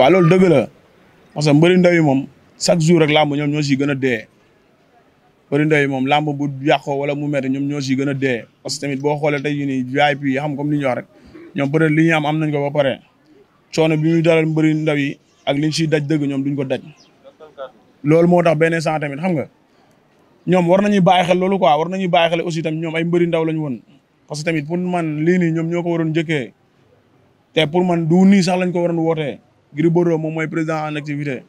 waaw loolu dëgg la parce que mbëri ndaw yi moom chaque jour rek làmb ñoom ñoo siy gën a dee mbëri ndaw yi moom làmb bu yàqoo wala mu metti ñoom ñoo siy gën a dee parce que tamit boo xoolee tey jii nii VIP yi xam comme li ñu wax rek ñoom peut être am am nañ ko ba pare coono bi ñuy dalal mbëri ndaw yi ak liñ siy daj dëgg ñoom duñ ko daj loolu moo tax benn sant xam nga ñoom war nañuy bàyyi loolu quoi war nañuy bàyyi xel aussi tamit ñoom ay mbëri ndaw lañ woon parce que tamit pour man lii nii ñoom ñoo ko waroon njëkkee te pour man du nii sax lañ ko waroon wootee Gris Bordeaux moom mooy président en activité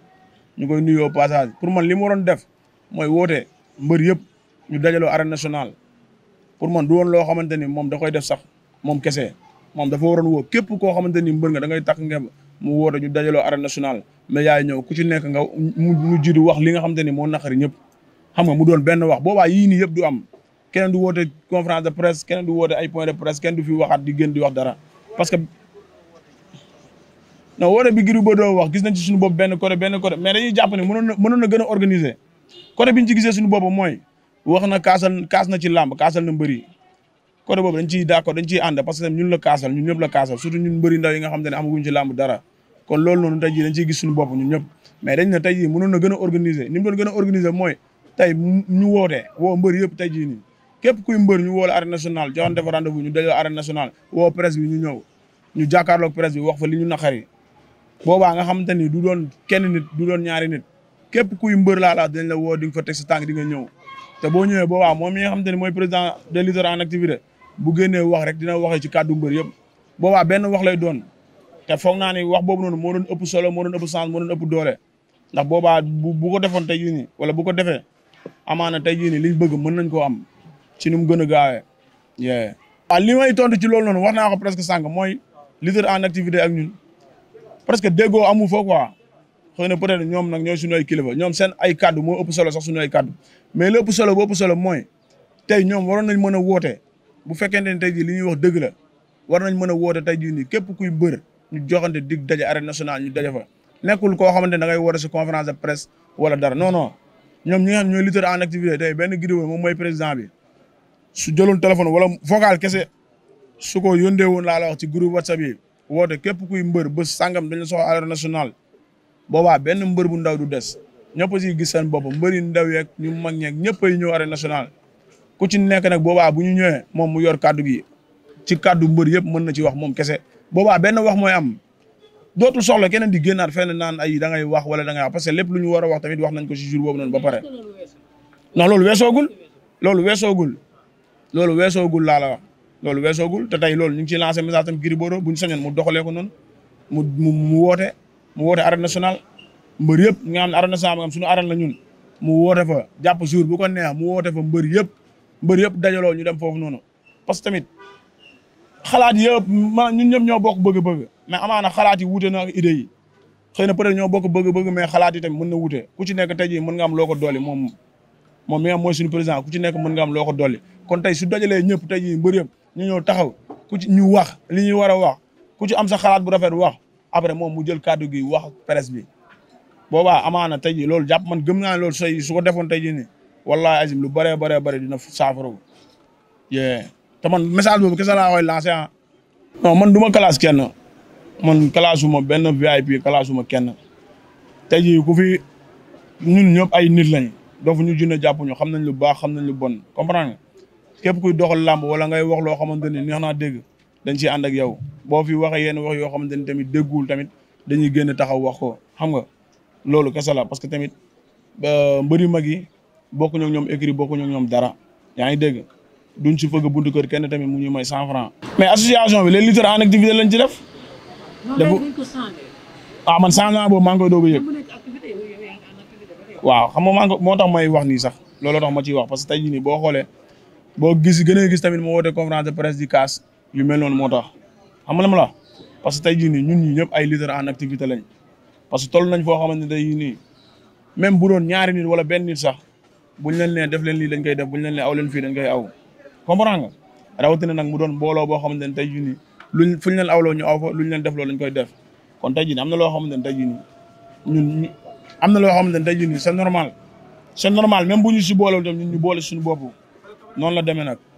ñu koy nuyoo au passage pour man li mu waroon def mooy woote mbër yëpp ñu dajaloo arène national pour man du woon loo xamante ni moom da def sax moom kese moom dafa waroon woo képp koo xamante ni mbër nga da ngay takk ngemb mu woote ñu dajaloo arène national mais yaay ñëw ku ci nekk nga mu jiitu wax li nga xamante ni moo naqari ñëpp xam nga mu doon benn wax boobaa yii nii yëpp du am keneen du woote conférence de presse keneen du woote ay point de presse kenn du fi waxaat di gën di wax dara non wane bi Gris Bordeaux wax gis nañ ci suñu bopp benn côté benn côté jàpp ne mënoon na gën a organiser bi ñu ci gisee suñu bopp mooy wax na kaasal kaas na ci làmb kaasal na mbëri côté boobu dañ ciy d'accord dañ ciy ànd parce que ñun la kaasal ñun ñëpp la kaasal surtout ñun mbëri ndaw yi bopp ñun ñëpp mais dañ ne tey jii na gën a organiser ni mu doon gën a mooy tey ñu wootee woo mbëri yëpp tey jii nii képp kuy mbër ñu wool la arène nationale joxante fa rendez-vous ñu dajoo arène nationale woo presse bi ñu ñëw ñu jàkkaarloog presse bi boobaa nga xamante ni du doon kenn nit du doon ñaari nit képp kuy mbër laa la dañ la woo di nga fa teg sa tànk di nga ñëw te boo ñëwee boobaa moom mi nga xamante ni mooy président des lutteurs en activité bu génnee wax rek dina waxee ci kàddu mbër yëpp boobaa benn wax lay doon te foog naa ni wax boobu noonu moo doon ëpp solo moo doon ëpp sens moo doon ëpp doole ndax boobaa bu bu ko defoon te jii nii wala bu ko defee amaana tey jii nii bëgg mën nañ koo am ci nu mu gën a gaawee waaw li may tontu ci loolu noonu wax naa ko presque sànq mooy lutteur en activité ak ñun parce que déggoo amu fa quoi xëy na peut-être ñoom nag ñooy suñu ay kilifa ñoom seen ay kaddu moo ëpp solo sax suñu ay kaddu mais lépp solo bu solo mooy tey ñoom waroon nañ mën a woote bu fekkente ne tey jii li ñuy wax dëgg la war nañ mën a woote tey jii nii képp kuy mbër ñu joxante dig daje arène national ñu daje fa nekkul koo xamante ne da ngay woote si conférence de presse wala dara non ñoom ñi nga xam ñooy lutteur en activité tey benn griwo moom mooy président bi su jëloon téléphone wala vocal kese su ko yóndee woon laa wax ci groupe whatsapp yi woote képp kuy mbër bés sàngam dañ la soxla national nationale boobaa benn mbër bu ndaw du des ñëpp a gis seen bopp mbër yi ndaw yeeg ñu mag ñeeg ñëpp ay ñëw arène nationale ku ci nekk nag boobaa bu ñu ñëwee moom mu yor kàddu gi ci kàddu mbër yëpp mën na ci wax moom kese boobaa benn wax mooy am dootul soxla keneen di génnaat fenn naan ay da ngay wax wala da ngay wax parce que lépp lu ñu war a wax tamit wax nañ ko si jour boobu noonu ba pare non loolu weesoogul loolu weesoogul loolu weesoogul laa loolu weesoogul te tey loolu ñu ci ciy lancé message tam Gris Bordeaux bu ñu sañoon mu doxalee ko mu mu mu woote mu woote arène nationale mbër yëpp nga xam ara arène nationale am suñu arène la ñun mu woote fa jàpp jour bu ko neex mu woote fa mbër yëpp mbër yëpp dajaloo ñu dem foofu noonu parce que tamit xalaat yëpp ma ñun ñëpp ñoo bokk bëgg-bëgg mais amaana xalaat yi wuute na ak idée yi xëy na peut-être ñoo bokk bëgg-bëgg xalaat yi tamit mën na wute ku ci nekk tey jii mën nga loo ko dolli moom moom mi nga mooy suñu ci nekk mën nga am loo ko dolli kon tey su dajalee ñëpp tey jii mbër yëpp ñu ñëw taxaw ku ci ñu wax li ñuy war a wax ku ci am sa xalaat bu rafet wax après moom mu jël kàddu gi wax presse bi boobaa amaana tey jii loolu jàpp man gëm naa loolu sooy su ko defoon tey jii ni wallahi azim lu bëree bëree bëri dina saafara yee te man message boobu kese laa koy lancé ah man du ma classe kenn man classe ma benn VIP classe ma kenn tey jii ku fi ñun ñëpp ay nit lañ doofu ñu junne jàpp ñu xam nañ lu baax xam nañ lu bon comprendre képp kuy doxal làmb wala ngay wax loo xamante ni neex naa dégg dañ ciy ànd ak yow boo fi waxee yenn wax yoo xamante ni tamit déggul tamit dañuy génn taxaw wax ko xam nga loolu kese la parce que tamit mbëri mag yi bokkuñu ak ñoom écrit bokkuñu ñoom dara yaa ngi dégg duñ ci fëgg buntu kenn tamit mu ñuy may cent franc mais association bi les lutteurs en activité lañ ci def. dafa waaw ah, man changement boobu maa ngi a yëg moo tax may wax ni sax loolo tax ma ciy wax parce que tey jii nii boo xoolee boo gis gën a gis tamit moo woote conférence de presse di kaas yu mel noonu moo tax xam nga la ma la parce que tey jii nii ñun ñi ñëpp ay leader en activité lañ parce que toll nañ foo xamante ne tey jii nii même bu doon ñaari nit wala benn nit sax buñ leen nee def leen lii dañ koy def buñ leen nee aw leen fii dañ koy aw comprendre nga rawatina nag mu doon mbooloo boo xamante ne tey jii nii luñ fuñ leen awloo ñu aw fa luñ leen defloo dañ koy def kon tey jii nii am na loo xamante ne tey jii nii ñun am na loo xamante ne tey jii nii c'est normal c'est normal même bu ñu si boolewul tam ñun ñu boole suñu bopp noonu la deme nag